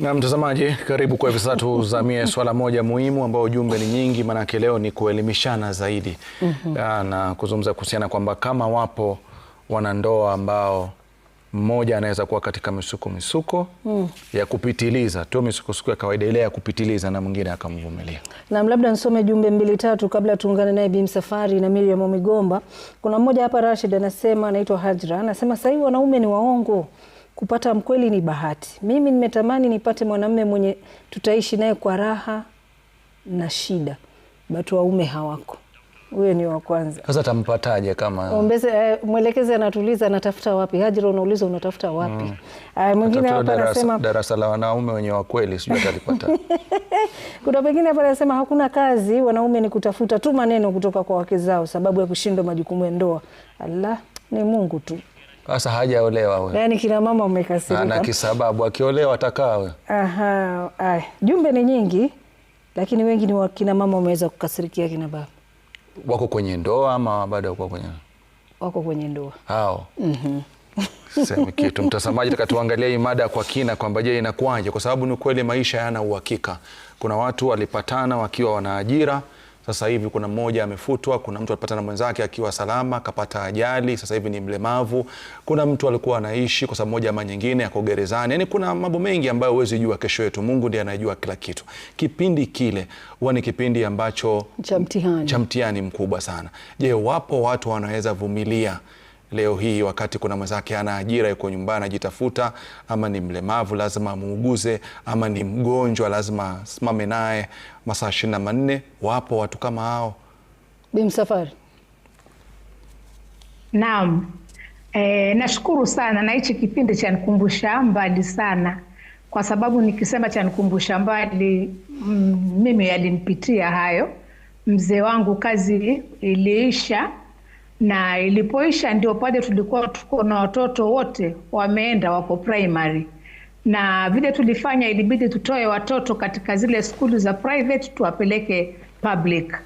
Na mtazamaji, karibu kwa hivi sasa tuzamie swala moja muhimu ambao ujumbe ni nyingi, maanake leo ni kuelimishana zaidi mm -hmm. na kuzungumza kuhusiana kwamba kama wapo wanandoa ambao mmoja anaweza kuwa katika misuko misuko mm. ya kupitiliza tu misukosuko ya kawaida ile ya kupitiliza na mwingine akamvumilia. Naam, labda nisome jumbe mbili tatu kabla tuungane naye Bi Msafwari na Miriam Migomba. Kuna mmoja hapa Rashid anasema, anaitwa Hajra, anasema sasa hivi wanaume ni waongo kupata mkweli ni bahati. Mimi nimetamani nipate mwanamume mwenye tutaishi naye kwa raha na shida, batu waume hawako. Huyo ni wa kwanza. Sasa tampataje? Kama ombeze eh, mwelekezi anatuliza anatafuta wapi? Hajira, unauliza unatafuta wapi? Mm. Mwingine hapa anasema darasa la wanaume wenye wakweli, sijui atalipata. Kuna pengine hapa anasema hakuna kazi, wanaume ni kutafuta tu maneno kutoka kwa wake zao, sababu ya kushindwa majukumu ya ndoa. Allah ni Mungu tu. Sasa hajaolewa wewe. Yaani kina mama umekasirika. Ana kisababu akiolewa atakaa wewe. Aha, ai. Jumbe ni nyingi lakini wengi ni wakina mama wameweza kukasirikia kina baba. Wako kwenye ndoa ama bado wako kwenye? Wako kwenye ndoa. Hao. Mhm. Mm Sema kitu mtazamaji, taka tuangalia hii mada kwa kina kwamba je, inakuwaje? Kwa sababu ni kweli maisha hayana uhakika. Kuna watu walipatana wakiwa wana ajira sasa hivi kuna mmoja amefutwa, kuna mtu alipata na mwenzake akiwa salama akapata ajali, sasa hivi ni mlemavu. Kuna mtu alikuwa anaishi kwa sababu moja ama nyingine ako gerezani. Yani kuna mambo mengi ambayo huwezi jua kesho yetu. Mungu ndiye anayejua kila kitu. Kipindi kile huwa ni kipindi ambacho cha mtihani mkubwa sana. Je, wapo watu wanaweza vumilia leo hii, wakati kuna mwenzake ana ajira, yuko nyumbani anajitafuta, ama ni mlemavu lazima muuguze, ama ni mgonjwa lazima simame naye masaa ishirini na manne. Wapo watu kama hao. Bimsafari, naam. E, nashukuru sana na hichi kipindi cha nikumbusha mbali sana, kwa sababu nikisema cha nikumbusha mbali mm, mimi yalinipitia hayo. Mzee wangu kazi iliisha na ilipoisha ndio pale tulikuwa tuko na watoto wote wameenda wako primary, na vile tulifanya, ilibidi tutoe watoto katika zile skulu za private tuwapeleke public,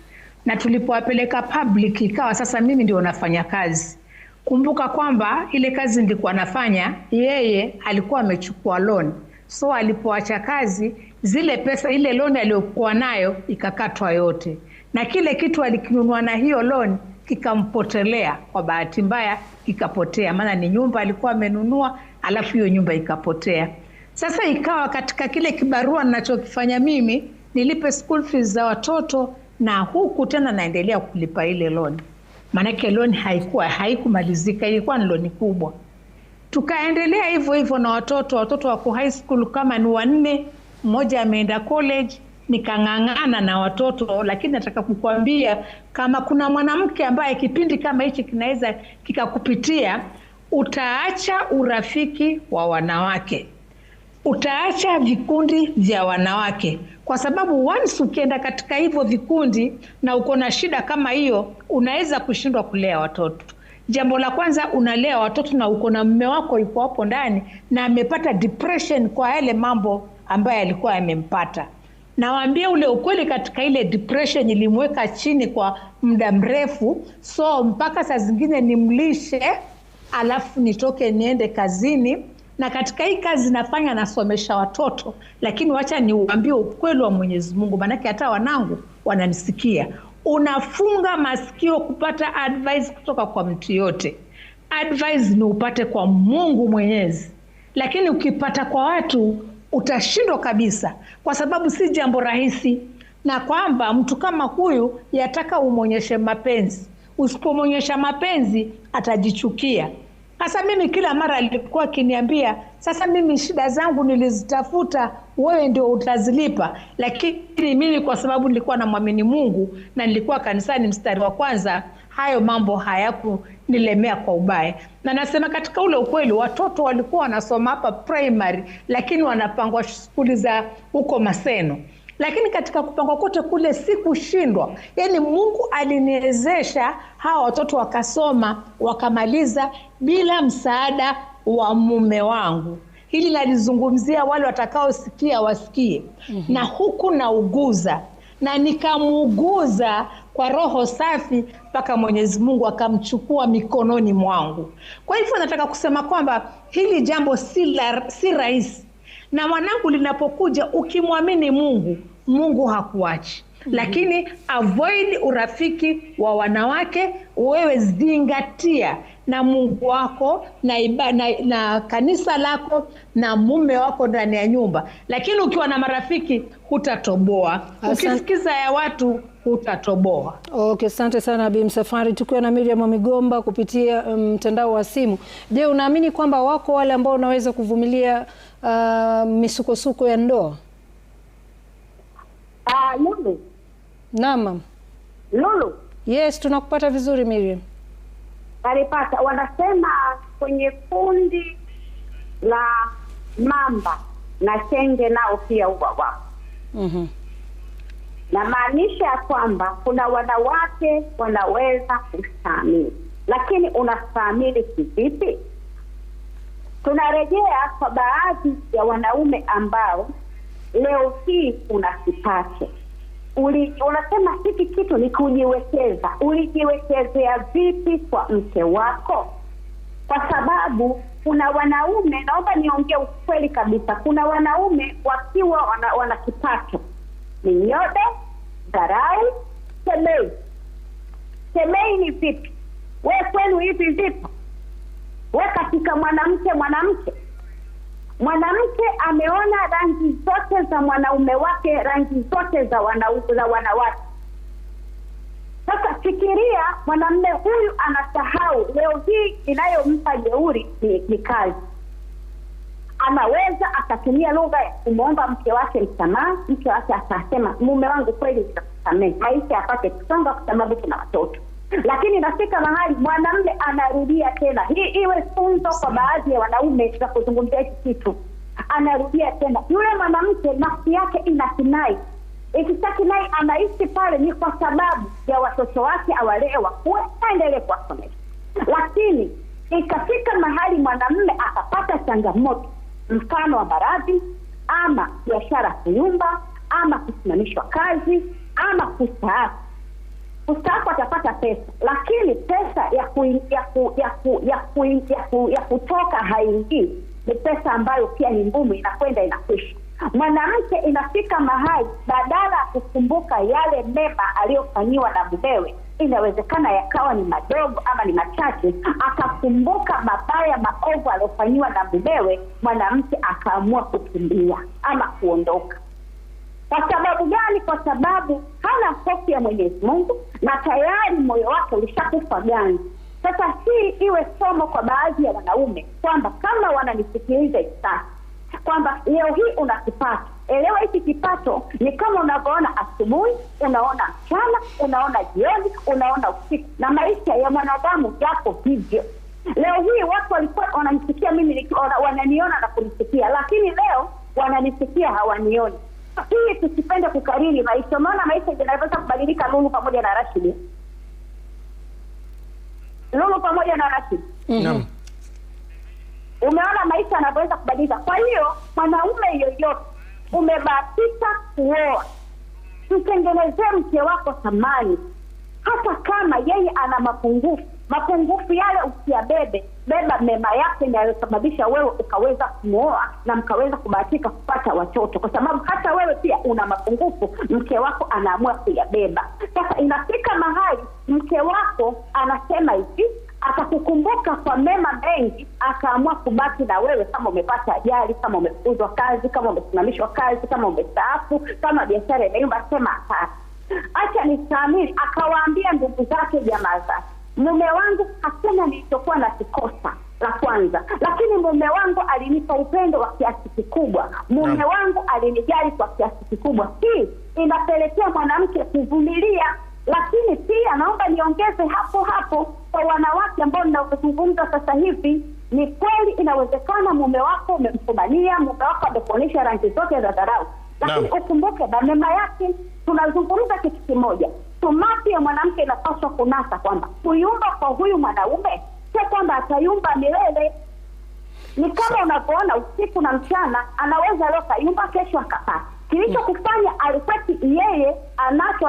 na tulipowapeleka public ikawa sasa mimi ndio nafanya kazi. Kumbuka kwamba ile kazi ndikuwa nafanya, yeye alikuwa amechukua loan, so alipoacha kazi zile pesa, ile loan aliyokuwa nayo ikakatwa yote, na kile kitu alikinunua na hiyo loan kikampotelea kwa bahati mbaya, kikapotea. Maana ni nyumba alikuwa amenunua, alafu hiyo nyumba ikapotea. Sasa ikawa katika kile kibarua ninachokifanya mimi, nilipe school fees za watoto na huku tena naendelea kulipa ile lon maanake loni haikuwa haikumalizika, ilikuwa ni loni kubwa. Tukaendelea hivyo hivyo na watoto, watoto wako high school kama ni wanne, mmoja ameenda college nikang'ang'ana na watoto, lakini nataka kukuambia kama kuna mwanamke ambaye kipindi kama hichi kinaweza kikakupitia, utaacha urafiki wa wanawake, utaacha vikundi vya wanawake, kwa sababu once ukienda katika hivyo vikundi na uko na shida kama hiyo, unaweza kushindwa kulea watoto. Jambo la kwanza, unalea watoto na uko na mume wako yuko hapo ndani na amepata depression kwa yale mambo ambayo alikuwa amempata. Nawaambia ule ukweli, katika ile depression ilimweka chini kwa muda mrefu, so mpaka saa zingine nimlishe, alafu nitoke niende kazini na katika hii kazi nafanya nasomesha watoto, lakini wacha niuambie ukweli wa Mwenyezi Mungu, maanake hata wanangu wananisikia. Unafunga masikio kupata advice kutoka kwa mtu yote, advice ni upate kwa Mungu Mwenyezi, lakini ukipata kwa watu utashindwa kabisa, kwa sababu si jambo rahisi, na kwamba mtu kama huyu yataka umwonyeshe mapenzi. Usipomwonyesha mapenzi, atajichukia. Sasa mimi kila mara alikuwa akiniambia, sasa mimi shida zangu nilizitafuta, wewe ndio utazilipa. Lakini mimi kwa sababu nilikuwa namwamini Mungu na nilikuwa kanisani mstari wa kwanza, hayo mambo hayakunilemea kwa ubaya. Na nasema katika ule ukweli, watoto walikuwa wanasoma hapa primary, lakini wanapangwa shule za huko Maseno lakini katika kupangwa kote kule sikushindwa. yani Mungu aliniwezesha hawa watoto wakasoma wakamaliza bila msaada wa mume wangu. Hili nalizungumzia wale watakaosikia wasikie. mm -hmm. Na huku nauguza na nikamuuguza kwa roho safi mpaka Mwenyezi Mungu akamchukua mikononi mwangu. Kwa hivyo nataka kusema kwamba hili jambo si, la, si rahisi na mwanangu, linapokuja ukimwamini Mungu Mungu hakuachi. Mm -hmm. Lakini avoid urafiki wa wanawake. Wewe zingatia na Mungu wako na, iba, na, na kanisa lako na mume wako ndani ya nyumba, lakini ukiwa na marafiki hutatoboa. Ukisikiza ya watu utatoboa. Okay, asante sana Bi Msafwari. Tukiwa na Miriam wa Migomba kupitia um, mtandao um, wa simu. Je, unaamini kwamba wako wale ambao unaweza kuvumilia uh, misukosuko ya ndoa? Lulu. Naam. Lulu. Yes, tunakupata vizuri Miriam. Walipata wanasema kwenye kundi la mamba na chenge nao pia uwa wapo. Mm-hmm. Na maanisha ya kwamba kuna wanawake wanaweza kustahimili, lakini unastahimili kivipi? Tunarejea kwa baadhi ya wanaume ambao leo hii kuna kipato uli, unasema hiki kitu ni kujiwekeza. Ulijiwekezea vipi kwa mke wako? Kwa sababu kuna wanaume, naomba niongee ukweli kabisa, kuna wanaume wakiwa wana, wana kipato ni nyobe, dharau, semei. Semei ni vipi? We kwenu hivi vipo? We katika mwanamke mwanamke Mwanamke ameona rangi zote za mwanaume wake, rangi zote za wanaume za wanawake. Sasa fikiria, mwanamume huyu anasahau leo hii inayompa jeuri ni, ni kazi. Anaweza akatumia lugha ya kumwomba mke wake msamaha, mke wake akasema, mume wangu, kweli nitakusamehe, maisha yapate kusonga, kwa sababu tuna watoto lakini inafika mahali mwanamme anarudia tena. Hii iwe funzo kwa baadhi ya wanaume za kuzungumzia hiki kitu, anarudia tena. Yule mwanamke nafsi yake ina kinai, ikishakinai anaishi pale, ni kwa sababu ya watoto wake awalee wakuwe, aendelee kuwasomesha. Lakini ikafika mahali mwanamme akapata changamoto, mfano wa maradhi ama biashara kuyumba ama kusimamishwa kazi ama kustaafu mstaafu atapata pesa lakini pesa ya ya ku, ya ku, ya ku, ya ku, ya kutoka haingii ni pesa ambayo pia ni ngumu inakwenda inakwisha mwanamke inafika mahali badala ya kukumbuka yale mema aliyofanyiwa na mbewe inawezekana yakawa ni madogo ama ni machache akakumbuka mabaya maovu aliyofanyiwa na mbewe mwanamke akaamua kukimbia ama kuondoka kwa sababu gani kwa sababu hana hofu ya mwenyezi mungu na tayari moyo wake ulishakufa gani Sasa hii iwe somo kwa baadhi ya wanaume kwamba kama wananisikiliza hivi kwamba leo hii una kipato, elewa hiki kipato ni kama unavyoona asubuhi, unaona mchana, unaona jioni, unaona usiku, na maisha ya mwanadamu yapo hivyo. Leo hii watu walikuwa wananisikia mimi, wananiona na kunisikia, lakini leo wananisikia hawanioni hii tusipende kukariri maisha, umeona maisha yanaweza kubadilika. Lulu pamoja na Rashid, Lulu pamoja na Rashid, mhm. naam, umeona maisha yanavyoweza kubadilika. Kwa hiyo mwanaume yoyote umebahatika kuoa, mtengenezee mke wako thamani na mapungufu. Mapungufu yale usiyabebe, beba mema yake inayosababisha wewe ukaweza kumwoa na mkaweza kubahatika kupata watoto, kwa sababu hata wewe pia una mapungufu, mke wako anaamua kuyabeba. Sasa inafika mahali mke wako anasema hivi atakukumbuka kwa mema mengi, akaamua kubaki na wewe, kama umepata ajali, kama umefukuzwa kazi, kama umesimamishwa kazi, kama umestaafu, kama biashara inayumba, sema hapana acha nisamini Akawaambia ndugu zake, jamaa mume wangu hakuna nilichokuwa na kikosa la kwanza, lakini mume wangu alinipa upendo wa kiasi kikubwa, mume wangu alinijali kwa kiasi kikubwa. Hii inapelekea mwanamke kuvumilia, lakini pia naomba niongeze hapo hapo kwa wanawake ambao ninaozungumza sasa hivi, ni kweli inawezekana mume wako umemfumania, mume wako amekuonyesha rangi zote za dharau lakini ukumbuke mema yake tunazungumza kitu kimoja tumati ya mwanamke inapaswa kunasa kwamba kuyumba kwa huyu mwanaume sio kwamba atayumba milele ni kama unavyoona usiku na mchana anaweza leo kayumba kesho akapata kilichokufanya alikweti yeye anacho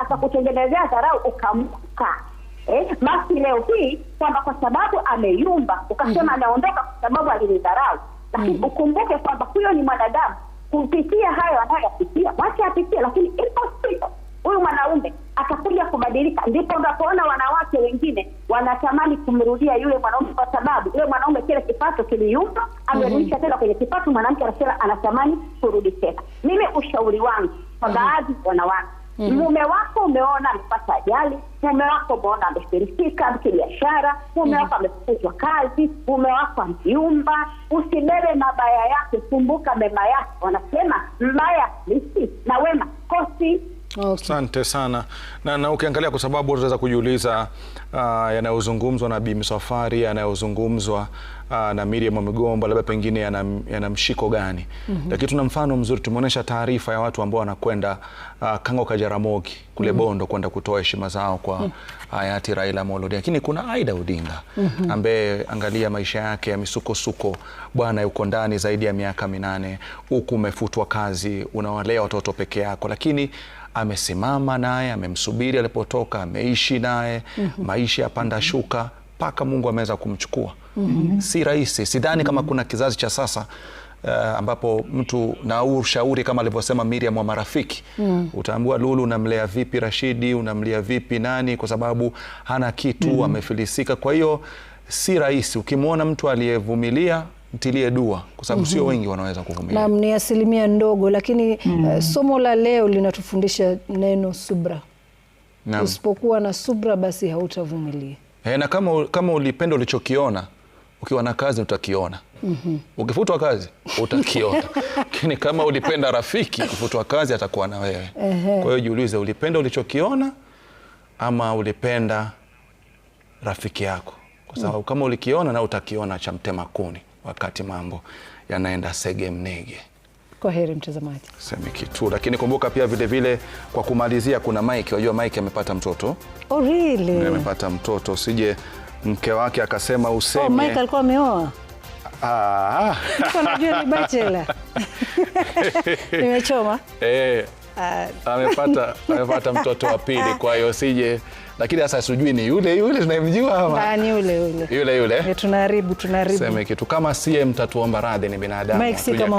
akakutengenezea dharau ukamuka eh, basi leo hii kwamba kwa sababu ameyumba ukasema mm-hmm. anaondoka kwa sababu alinidharau lakini mm. ukumbuke kwamba huyo ni mwanadamu kupitia hayo anayoyapitia, wacha apitie, lakini impossible huyu mwanaume atakuja kubadilika. Ndipo unapoona wanawake wengine wanatamani kumrudia yule mwanaume, kwa sababu yule mwanaume kile kipato kiliyumba, amerudisha mm-hmm. tena kwenye kipato, mwanamke anasema anatamani kurudi tena. Mimi ushauri wangu kwa mm-hmm. baadhi wanawake mm -hmm. mume wako umeona amepata ajali, mume wako umeona amefirisika kibiashara, mume mm -hmm. wako mhm. amefukuzwa kazi, mume wako amjiumba. Usibebe mabaya yake, kumbuka mema yake. Wanasema mbaya lisi na wema Asante okay, sana na, na ukiangalia kwa sababu tunaweza kujiuliza uh, yanayozungumzwa na Bi Msafwari yanayozungumzwa uh, na Miriam Migomba labda pengine yana, yana mshiko gani? mm -hmm. Lakini tuna mfano mzuri, tumeonyesha taarifa ya watu ambao wanakwenda uh, Kango Kajaramogi kule mm -hmm. Bondo kwenda kutoa heshima zao kwa mhm. hayati mm -hmm. Raila Amolo Odinga, lakini kuna Aida Odinga mm -hmm. ambaye angalia maisha yake ya misukosuko, bwana yuko ndani zaidi ya miaka minane, huku umefutwa kazi, unawalea watoto peke yako, lakini amesimama naye, amemsubiri alipotoka, ameishi naye mm -hmm. maisha ya panda mhm. shuka mpaka Mungu ameweza kumchukua mm -hmm. si rahisi, sidhani mm -hmm. kama kuna kizazi cha sasa Uh, ambapo mtu na ushauri kama alivyosema Miriam wa marafiki mm. Utaambua Lulu, unamlea vipi Rashidi, unamlea vipi nani, kwa sababu hana kitu mm. Amefilisika. Kwa hiyo si rahisi ukimwona mtu aliyevumilia mtilie dua kwa sababu mm -hmm. sio mhm. wengi wanaweza kuvumilia. Naam, ni asilimia ndogo, lakini mm -hmm. uh, somo la leo linatufundisha neno subra. Naam. Usipokuwa na subra basi hautavumilia. Eh, na kama, kama ulipenda ulichokiona ukiwa na kazi utakiona. mm -hmm. Ukifutwa kazi utakiona, lakini kama ulipenda rafiki kufutwa kazi atakuwa na wewe. Kwa hiyo jiulize, ulipenda ulichokiona ama ulipenda rafiki yako? Kwa sababu mm. kama ulikiona na utakiona cha mtema kuni wakati mambo yanaenda sege mnege. Kwa heri mtazamaji, sema kitu lakini kumbuka pia vilevile vile, kwa kumalizia, kuna Mike, unajua Mike amepata mtoto. Oh, really? amepata mtoto usije mke wake akasema oh, useme. Oh, Mike alikuwa ameoa ah. najua ni bachelor. nimechoma eh uh... amepata amepata mtoto wa pili, kwa hiyo sije, lakini sasa sijui ni yule yule tunayemjua ama ah, ni yule yule yule yule. Eh, tunaharibu tunaharibu, sema kitu kama sie, mtatuomba radhi, ni binadamu.